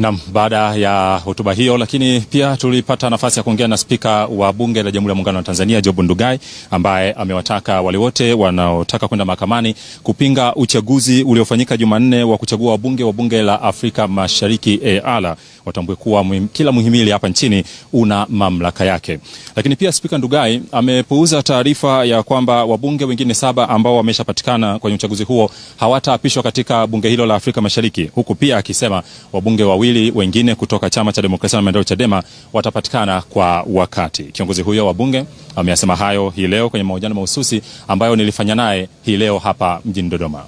Naam, baada ya hotuba hiyo, lakini pia tulipata nafasi ya kuongea na spika wa bunge la Jamhuri ya Muungano wa Tanzania Job Ndugai, ambaye amewataka wale wote wanaotaka kwenda mahakamani kupinga uchaguzi uliofanyika Jumanne wa kuchagua wabunge wa bunge la Afrika Mashariki EALA watambue kuwa muhim, kila muhimili hapa nchini una mamlaka yake. Lakini pia spika Ndugai amepuuza taarifa ya kwamba wabunge wengine saba ambao wameshapatikana kwenye uchaguzi huo hawataapishwa katika bunge hilo la Afrika Mashariki, huku pia akisema wabunge wawili wawili wengine kutoka chama cha demokrasia na maendeleo Chadema watapatikana kwa wakati. Kiongozi huyo wa bunge ameyasema hayo hii leo kwenye mahojiano mahususi ambayo nilifanya naye hii leo hapa mjini Dodoma.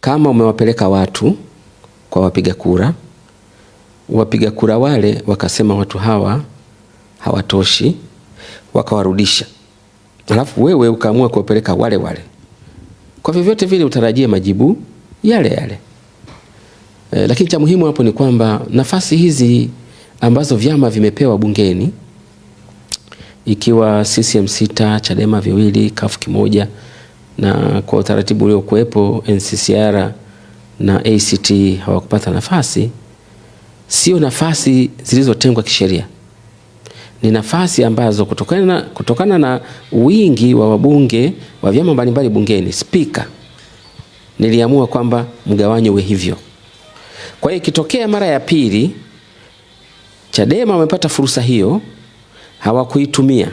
Kama umewapeleka watu kwa wapiga kura, wapiga kura wale wakasema watu hawa hawatoshi, wakawarudisha, alafu wewe ukaamua kuwapeleka wale wale, kwa vyovyote vile utarajie majibu yale yale e, lakini cha muhimu hapo ni kwamba nafasi hizi ambazo vyama vimepewa bungeni ikiwa CCM sita, Chadema viwili, kafu kimoja na kwa utaratibu uliokuwepo NCCR na ACT hawakupata nafasi, sio nafasi zilizotengwa kisheria. Ni nafasi ambazo kutokana na, kutokana na wingi wa wabunge wa vyama mbalimbali bungeni, spika niliamua kwamba mgawanyo uwe hivyo. Kwa hiyo ikitokea mara ya pili Chadema wamepata fursa hiyo hawakuitumia,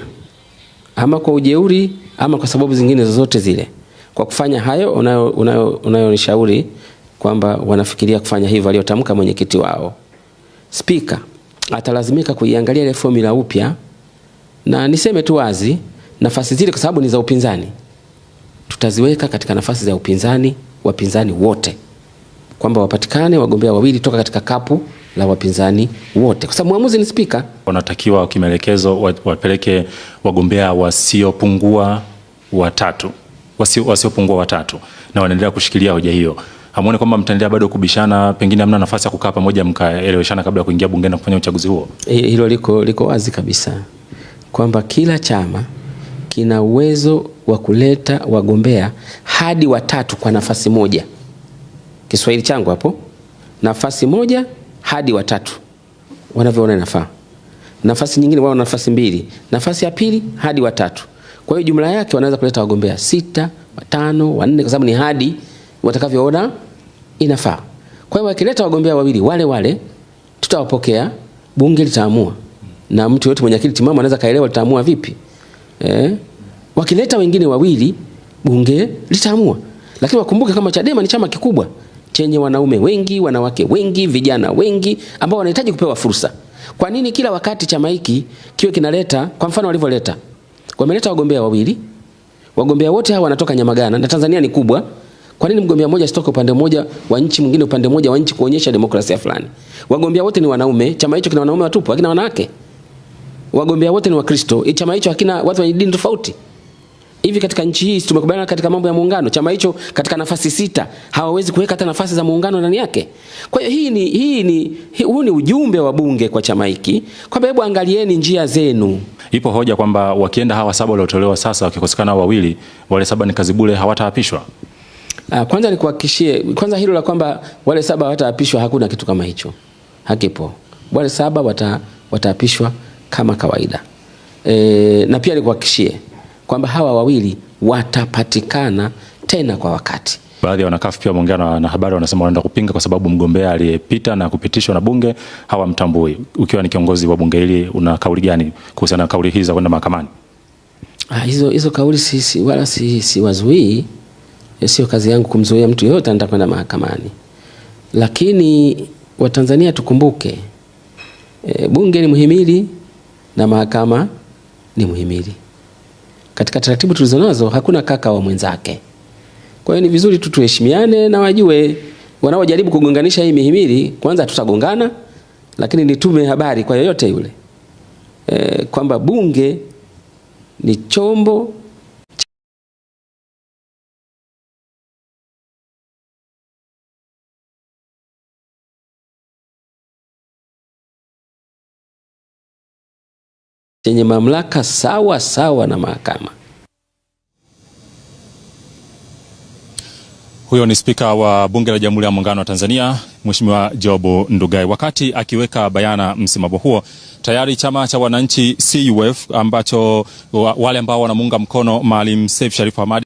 ama kwa ujeuri ama kwa sababu zingine zozote zile, kwa kufanya hayo unayonishauri unayo kwamba wanafikiria kufanya hivyo, aliyotamka mwenyekiti wao, spika atalazimika kuiangalia ile fomula upya, na niseme tu wazi, nafasi zile kwa sababu ni za upinzani, tutaziweka katika nafasi za upinzani, wapinzani wote kwamba wapatikane wagombea wawili toka katika kapu la wapinzani wote, kwa sababu mwamuzi ni spika. Wanatakiwa kimaelekezo wapeleke wagombea wasiopungua watatu, wasiopungua watatu, na wanaendelea kushikilia hoja hiyo Hamuone kwamba mtaendelea bado kubishana, pengine hamna nafasi ya kukaa pamoja mkaeleweshana kabla ya kuingia bungeni na kufanya uchaguzi huo? Hilo liko, liko wazi kabisa kwamba kila chama kina uwezo wa kuleta wagombea hadi watatu kwa nafasi moja. Kiswahili changu hapo, nafasi moja hadi watatu wanavyoona inafaa. Nafasi nyingine wao nafasi mbili, nafasi ya pili hadi watatu. Kwa hiyo jumla yake wanaweza kuleta wagombea sita, watano, wanne, kwa sababu ni hadi watakavyoona inafaa. Kwa hiyo wakileta wagombea wawili wale wale tutawapokea, bunge litaamua, na mtu yote mwenye akili timamu anaweza kaelewa litaamua vipi eh? Wakileta wengine wawili bunge litaamua, lakini wakumbuke kama Chadema ni chama kikubwa chenye wanaume wengi, wanawake wengi, vijana wengi ambao wanahitaji kupewa fursa. Kwa nini kila wakati chama hiki kiwe kinaleta, kwa mfano walivyoleta, wameleta wagombea wawili, wagombea wote hawa wanatoka Nyamagana na Tanzania ni kubwa. Kwa nini mgombea mmoja asitoke upande mmoja wa nchi, mwingine upande mmoja wa nchi, kuonyesha demokrasia fulani? Wagombea wote ni wanaume, chama hicho kina wanaume watupu, hakina wanawake. Wagombea wote ni Wakristo, eh, chama hicho hakina watu wa dini tofauti. Hivi katika nchi hii tumekubaliana katika mambo ya muungano, chama hicho katika nafasi sita hawawezi kuweka hata nafasi za muungano ndani yake. Kwa hiyo hii ni hii ni huu ni ujumbe wa bunge kwa chama hiki kwamba hebu angalieni njia zenu. Ipo hoja kwamba wakienda hawa saba waliotolewa sasa, wakikosekana wawili, wale saba ni kazi bure, hawataapishwa. Ah, kwanza nikuhakikishie, kwanza hilo la kwamba wale saba hawataapishwa, hakuna kitu kama hicho, hakipo. Wale saba wataapishwa kama kawaida. E, na pia nikuhakikishie kwamba hawa wawili watapatikana tena kwa wakati. Baadhi ya wanakafu pia wameongea na wanahabari, wanasema wanaenda kupinga kwa sababu mgombea aliyepita na kupitishwa na bunge hawamtambui. Ukiwa ni kiongozi wa bunge hili, una kauli gani kuhusiana na kauli hizi za kwenda mahakamani? Ah, hizo hizo kauli si, si, wala si, si wazuii. Eh, sio kazi yangu kumzuia mtu yoyote anataka kwenda mahakamani, lakini Watanzania tukumbuke, e, bunge ni muhimili na mahakama ni muhimili katika taratibu tulizonazo hakuna kaka wa mwenzake. Kwa hiyo ni vizuri tu tuheshimiane na wajue wanaojaribu kugonganisha hii mihimili, kwanza tutagongana, lakini nitume habari kwa yoyote yule e, kwamba bunge ni chombo chenye mamlaka sawa sawa na mahakama. Huyo ni spika wa bunge la Jamhuri ya Muungano wa Tanzania, Mheshimiwa jobu Ndugai, wakati akiweka bayana msimamo huo. Tayari chama cha wananchi CUF ambacho wale ambao wanamuunga mkono Maalim Seif Sharif Hamad